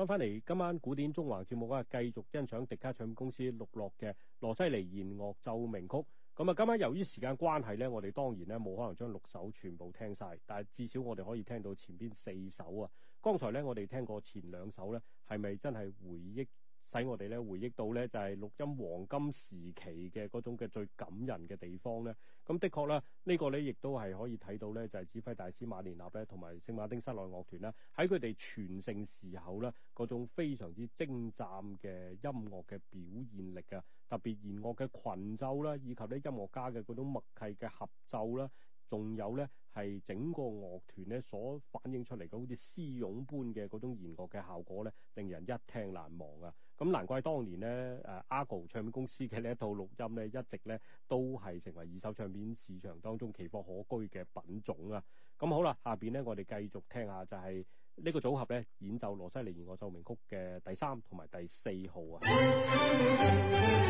翻返嚟今晚古典縱橫節目，我哋繼續欣賞迪卡唱片公司錄落嘅羅西尼弦樂奏鳴曲。咁啊，今晚由於時間關係咧，我哋當然咧冇可能將六首全部聽晒，但係至少我哋可以聽到前邊四首啊。剛才咧，我哋聽過前兩首咧，係咪真係回憶？使我哋咧回憶到咧就係錄音黃金時期嘅嗰種嘅最感人嘅地方咧，咁的確啦，這個、呢個咧亦都係可以睇到咧就係指揮大師馬連納咧同埋聖馬丁室內樂團啦，喺佢哋全盛時候啦嗰種非常之精湛嘅音樂嘅表現力啊，特別弦樂嘅群奏啦，以及啲音樂家嘅嗰種默契嘅合奏啦。仲有咧，係整個樂團咧所反映出嚟嘅，好似絲絨般嘅嗰種弦樂嘅效果咧，令人一聽難忘啊！咁難怪當年咧，誒、啊、Argo 唱片公司嘅呢一套錄音咧，一直咧都係成為二手唱片市場當中奇貨可居嘅品種啊。咁、嗯、好啦，下邊咧我哋繼續聽下就係呢個組合咧演奏羅西尼弦樂奏鳴曲嘅第三同埋第四號啊！